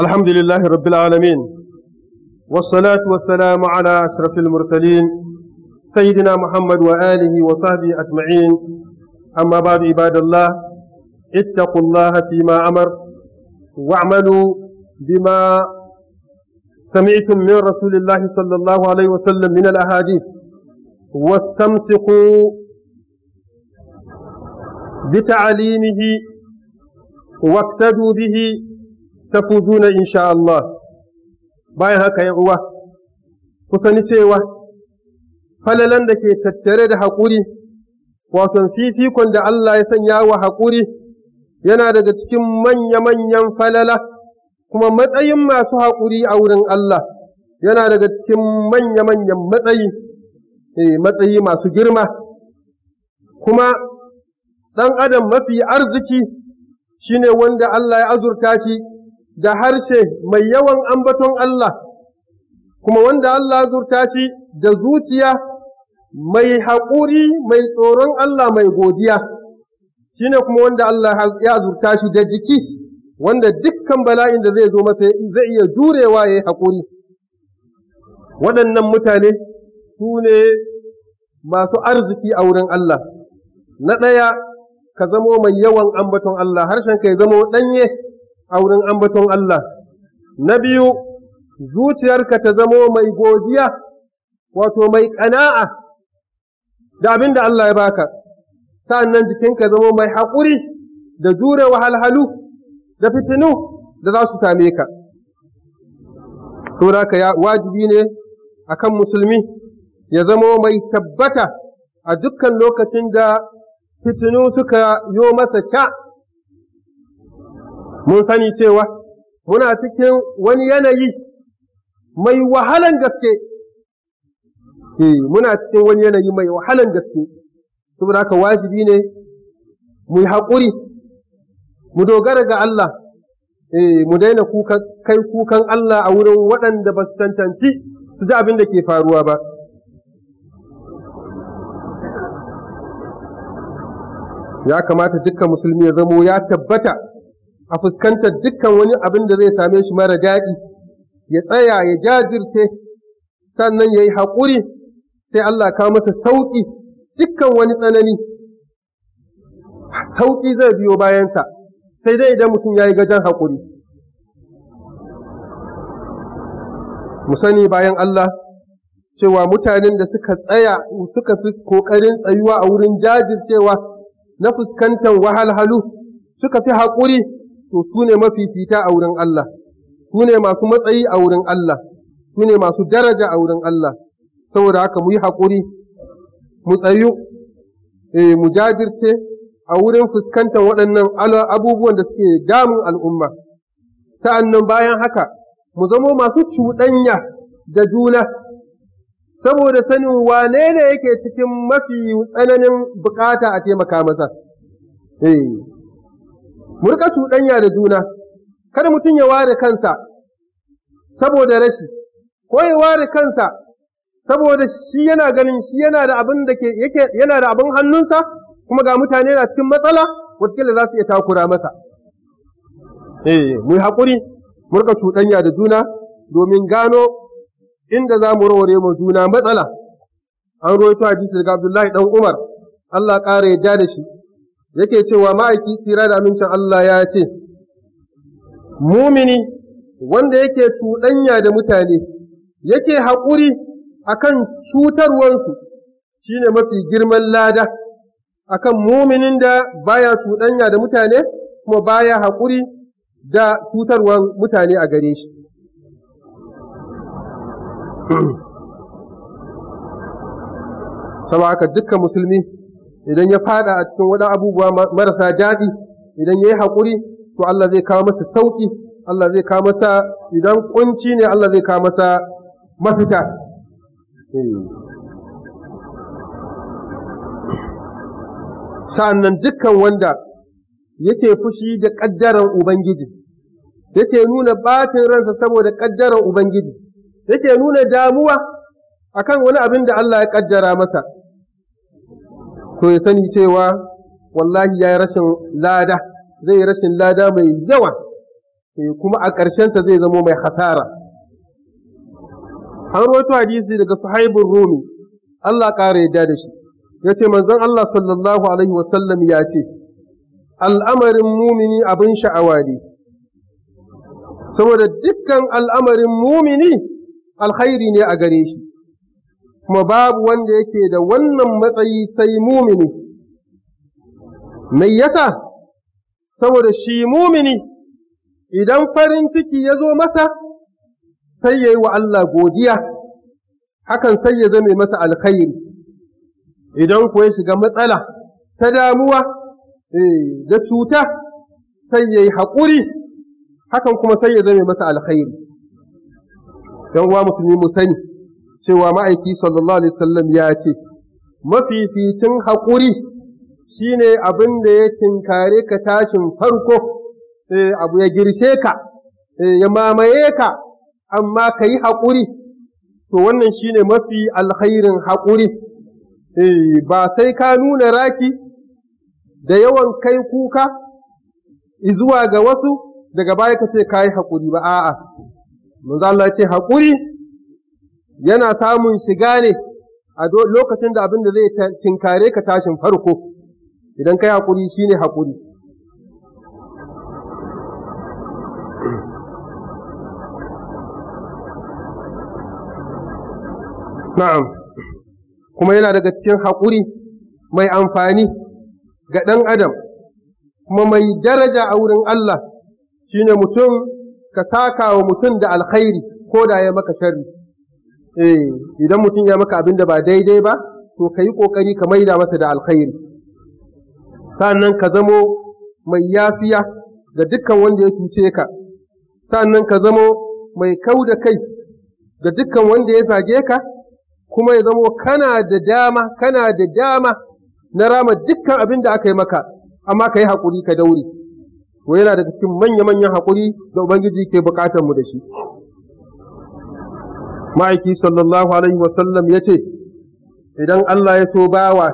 الحمد لله رب العالمين والصلاة والسلام على أشرف المرسلين سيدنا محمد وآله وصحبه أجمعين أما بعد عباد الله اتقوا الله فيما أمر واعملوا بما سمعتم من رسول الله صلى الله عليه وسلم من الأحاديث واستمسكوا بتعليمه واقتدوا به tafuzuna insha Allah bayan haka ya uwa ku sani cewa falalan da ke tattare da haƙuri wasan fifikon da Allah ya sanya wa haƙuri yana daga cikin manya-manyan falala kuma matsayin masu haƙuri a wurin Allah yana daga cikin manya-manyan matsayi matsayi masu girma kuma ɗan adam mafi arziki shine wanda Allah ya azurta shi da harshe mai yawan ambaton Allah, kuma wanda Allah zurta shi da zuciya mai haƙuri mai tsoron Allah mai godiya, shi ne kuma wanda Allah ya zurta shi da jiki, wanda dukkan bala'in da zai zo masa zai iya jurewa ya yi haƙuri. Waɗannan mutane su ne masu arziki a wurin Allah, na ɗaya ka zamo mai yawan ambaton Allah, harshen ka ya zamo ɗanye. a wurin ambaton Allah. Na biyu, zuciyarka ta zamo mai godiya, wato mai ƙana'a da abin da Allah ya baka, sa'an jikinka zamo mai haƙuri da jure wahalhalu da fitinu da za su same ka. Sauraka ya wajibi ne a kan musulmi ya zamo mai tabbata a dukkan lokacin da fitinu suka yo masa ca. mun sani cewa muna cikin wani yanayi mai wahalan gaske eh muna cikin wani yanayi mai wahalan gaske saboda haka wajibi ne mu yi haƙuri mu dogara ga Allah eh, mu daina kai kukan Allah a wurin waɗanda ba su tantanci su ji abin da ke faruwa ba ya kamata dukkan musulmi ya zamo ya tabbata a fuskantar dukkan wani abin da zai same shi mara daɗi ya tsaya ya jajirce sannan ya yi haƙuri sai Allah ka masa sauƙi dukkan wani tsanani sauƙi zai biyo bayansa sai dai idan mutum ya yi gajen haƙuri mu sani bayan Allah cewa mutanen da suka tsaya suka fi ƙoƙarin tsayuwa a wurin jajircewa na fuskantar wahalhalu suka fi haƙuri to su ne mafifita a wurin Allah su ne masu matsayi a wurin Allah su ne masu daraja a wurin Allah saboda haka mu yi haƙuri mu tsayu eh, mu jajirce a wurin fuskantar waɗannan abubuwan da suke damun al'umma sa'annan bayan haka mu zamo masu cuɗanya da juna saboda sanin wane ne yake cikin mafi tsananin bukata a taimaka masa. Eh. mu rika da juna kada mutum ya ware kansa saboda rashi ko ya ware kansa saboda shi yana ganin shi yana da abin da ke yake yana da abin hannunsa kuma ga mutane na cikin matsala wataƙila za su iya takura masa eh mu haƙuri mu rika da juna domin gano inda za mu ma mu juna matsala an ta hadisi daga Abdullahi dan Umar Allah ƙara yarda da shi yake cewa ma'aiki tsira da amincin Allah ya ce, Mumini wanda yake cuɗanya da mutane, yake haƙuri a kan cutarwansu shi ne mafi girman lada, a kan muminin da baya cuɗanya da mutane kuma baya haƙuri da cutarwar mutane a gare shi. Sama haka dukkan musulmi idan ya fada a cikin wadan abubuwa marasa daɗi idan ya yi haƙuri to Allah zai kawo masa sauƙi Allah zai kawo masa idan ƙunci ne Allah zai kawo masa mafita sa'annan dukkan wanda yake fushi da ƙaddaran Ubangiji yake nuna batin ransa saboda ƙaddaran Ubangiji yake nuna damuwa akan wani abin da Allah ya ƙaddara masa to ya sani cewa wallahi ya yi rashin lada zai yi rashin lada mai yawa eh, kuma a ƙarshen ƙarshensa zai zama mai hasara an rawaito hadisi daga sahibin rumi Allah ƙara yadda da shi ya ce manzon Allah sallallahu alaihi wasallam ya ce al'amarin mumini abin sha'awa ne saboda dukkan al'amarin mumini alkhairi ne a gare shi kuma babu wanda yake da wannan matsayi sai mumini mai yasa saboda shi mumini idan farin ciki ya zo masa sai ya yi wa Allah godiya hakan sai ya zame masa alkhairi idan kuwa ya shiga matsala ta damuwa eh, da cuta sai ya yi haƙuri hakan kuma sai ya zame masa alkhairi. ‘Yan wa musulmi mu sani’ cewa ma'aiki sallallahu alaihi wasallam ya ce mafificin haƙuri shine abin da ya tinkare ka tashin farko eh, abu ya girshe ka eh, ya mamaye ka amma ka yi haƙuri to wannan shine mafi alkhairin haƙuri eh, ba sai ka nuna raki da yawan kai kuka zuwa ga wasu daga baya ka ce ka yi haƙuri ba a'a manzo Allah ce haƙuri yana samun shiga ne a lokacin da abin da zai tinkare ka tashin farko idan kai haƙuri shine haƙuri na'am kuma yana daga cikin haƙuri mai amfani ga ɗan adam kuma mai daraja a wurin Allah shi ne mutum ka taka wa mutum da alkhairi ko da ya maka sharri eh idan mutum ya maka abin da ba daidai ba to ka yi ƙoƙari ka maida masa da alkhairi sannan ka zamo mai yafiya ga dukkan wanda ya cuce ka sannan ka zamo mai kau da kai ga dukkan wanda ya zage ka kuma ya zamo kana da dama kana da dama na rama dukkan abin da aka yi maka amma ka yi haƙuri ka daure to yana daga cikin manya-manyan haƙuri da ubangiji ke buƙatar mu da shi ma'aiki sallallahu alaihi wasallam ya ce idan Allah ya so bawa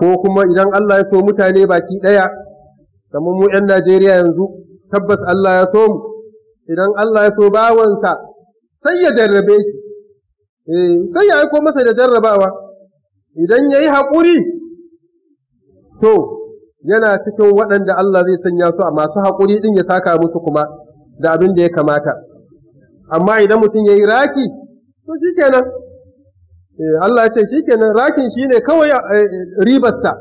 ko kuma idan Allah ya so mutane baki ɗaya kamar mu 'yan Najeriya yanzu tabbas Allah ya so mu idan Allah ya so bawansa sai ya jarrabe shi eh, sai ya aiko masa da jarrabawa idan ya yi haƙuri to yana cikin waɗanda Allah zai sanya su a masu haƙuri ɗin ya saka musu kuma da abin da ya kamata amma idan mutum ya yi raki to shi kenan eh, Allah ce shi kenan rakin shi ne kawai eh, ribarsa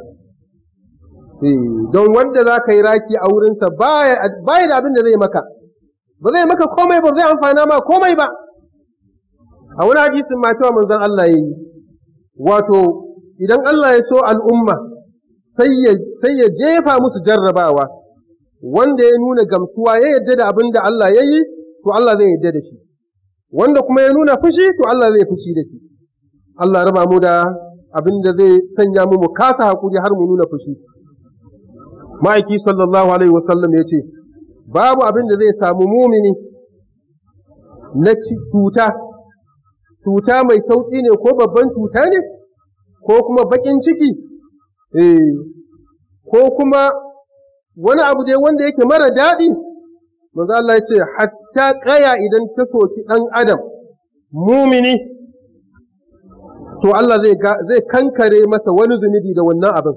eh, don wanda za ka yi raki a wurinsa ya da abin da zai maka ba zai maka komai ba zai amfana ma komai ba a wani hadisin ma cewa manzon Allah ya yi wato idan Allah ya so al'umma sai ya jefa musu jarrabawa wanda ya nuna gamsuwa ya yarda da abin da Allah ya yi to Allah zai yadda da shi wanda kuma ya nuna fushi to Allah zai fushi da shi Allah raba mu da abin da zai sanya mu mu kasa hakuri har mu nuna fushi ma'aiki sallallahu alaihi wasallam ya ce babu abin da zai samu mumini na cuta cuta mai sauƙi ne ko babban cuta ne ko kuma baƙin ciki eh ko kuma wani abu dai wanda yake mara daɗi manzo Allah ya ce ta ƙaya idan ta soki ɗan adam mumini to Allah zai kankare masa wani zunubi da wannan abin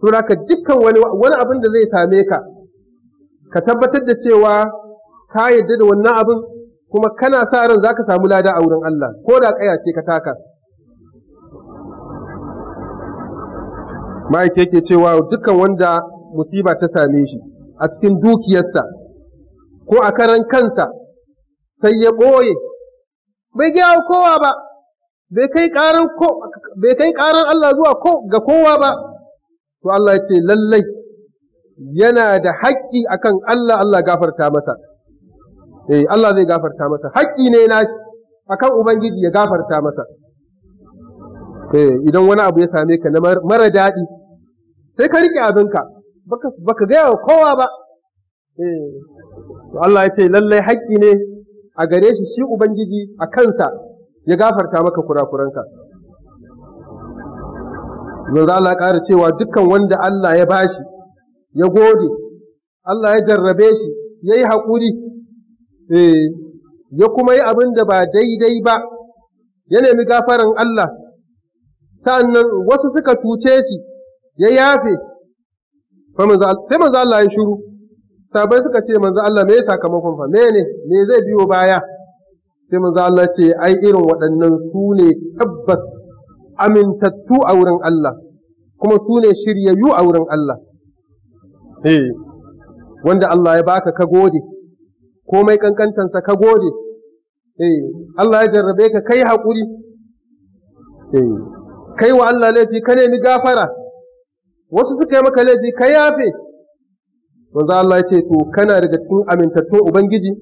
tura ka dukkan wani abin da zai same ka ka tabbatar da cewa ka yadda da wannan abin kuma kana sa ran za ka samu lada a wurin Allah ko da ƙaya ce ka taka Ma'aikai ke cewa dukkan wanda musiba ta same shi a cikin dukiyarsa ko a karan kansa sai ya ɓoye bai gaya kowa ba bai kai ƙaran Allah zuwa ga kowa ba to Allah ya ce lallai yana da haƙƙi akan Allah Allah gafarta masa eh Allah zai gafarta masa haƙƙi ne na akan ubangiji ya gafarta masa eh idan wani abu ya same ka na mara daɗi sai ka riƙe abinka baka ka gaya kowa ba to Allah ya ce lallai haƙƙi ne a gare shi shi ubangiji a kansa ya gafarta maka kurakuranka yanzu Allah ƙara cewa dukkan wanda Allah ya bashi ya gode Allah ya jarrabe shi ya yi haƙuri eh, ya kuma yi abin da ba daidai ba ya nemi gafaran Allah sa'annan wasu suka tuce shi ya yafe sai manzo Allah ya shiru sabai suka ce manzo Allah me sakamakon fa mene me zai biyo baya sai manzo Allah ce ai irin waɗannan su ne tabbas amintattu a wurin Allah kuma su ne shiryayyu a wurin Allah eh wanda Allah ya baka ka gode komai kankantansa ka gode eh Allah ya jarrabe ka kai hakuri. eh kai wa Allah laifi ka nemi gafara wasu suka yi maka laifi ka yafe manzo Allah ya ce to kana daga cikin amintattun ubangiji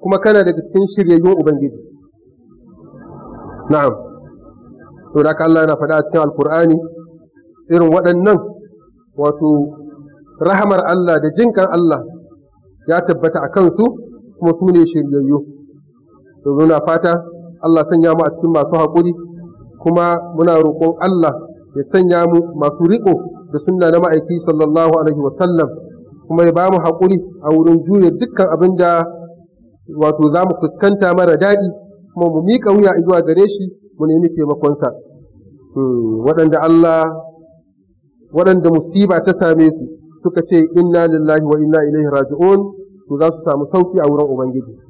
kuma kana daga cikin shiryayyun ubangiji na'am to da Allah yana faɗa a cikin alkur'ani irin waɗannan wato rahamar Allah da jinkan Allah ya tabbata a kansu kuma su ne shiryayyu to muna fata Allah sanya mu a cikin masu haƙuri kuma muna roƙon Allah ya sanya mu masu riƙo da sunna na ma'aiki sallallahu alaihi wa sallam kuma ya bamu haƙuri a wurin juya dukkan abin da wato za mu fuskanta mara daɗi kuma mu miƙa wuya zuwa gare shi mu nemi taimakonsa hmm, waɗanda Allah waɗanda musiba ta same su suka ce inna lillahi wa inna ilaihi raji'un to za su samu sauki a wurin ubangiji